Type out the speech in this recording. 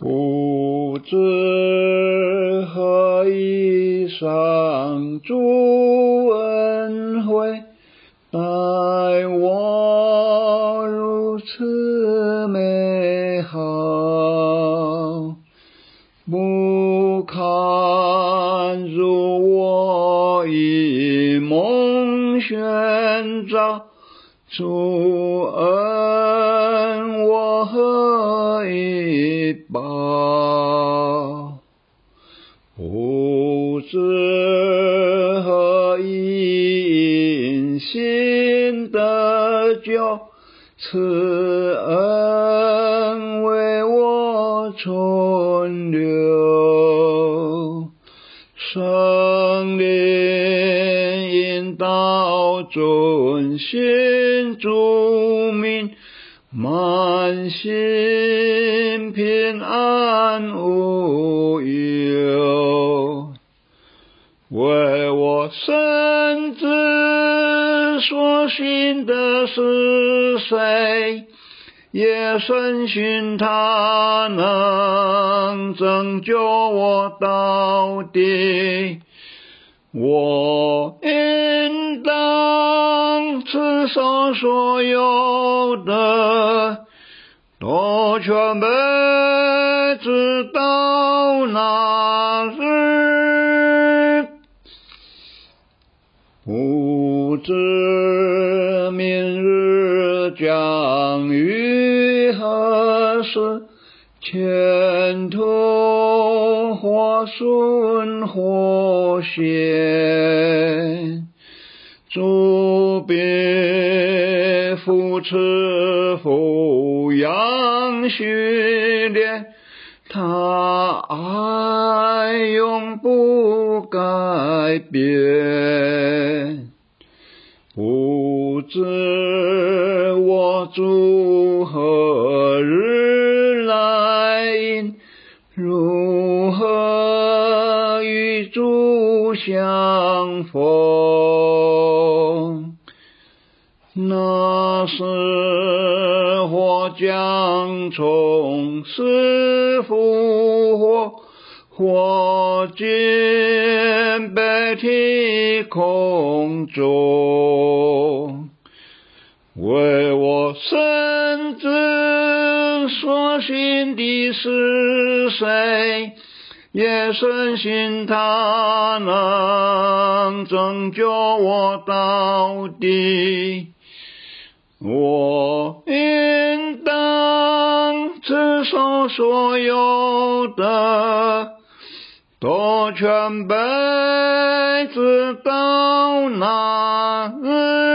不知何以上主恩惠，待我如此美好；不堪如我一夢，尋找主恩。不知何因心得救，此恩為我存留。聖靈引導遵心主命，滿心平安無。深知所尋的是誰，也深信他能拯救我到底。我應當承受所有的，我卻沒知道那。知明日將於何時，前途或順或險，主別扶持扶養訓練，他愛永不改變。知我主何日來，如何與主相逢？那時我將從死復活，或見被提空中。為我深知所信的是誰，也深信他能拯救我到底。我應當承受所有的，都全備直到那日。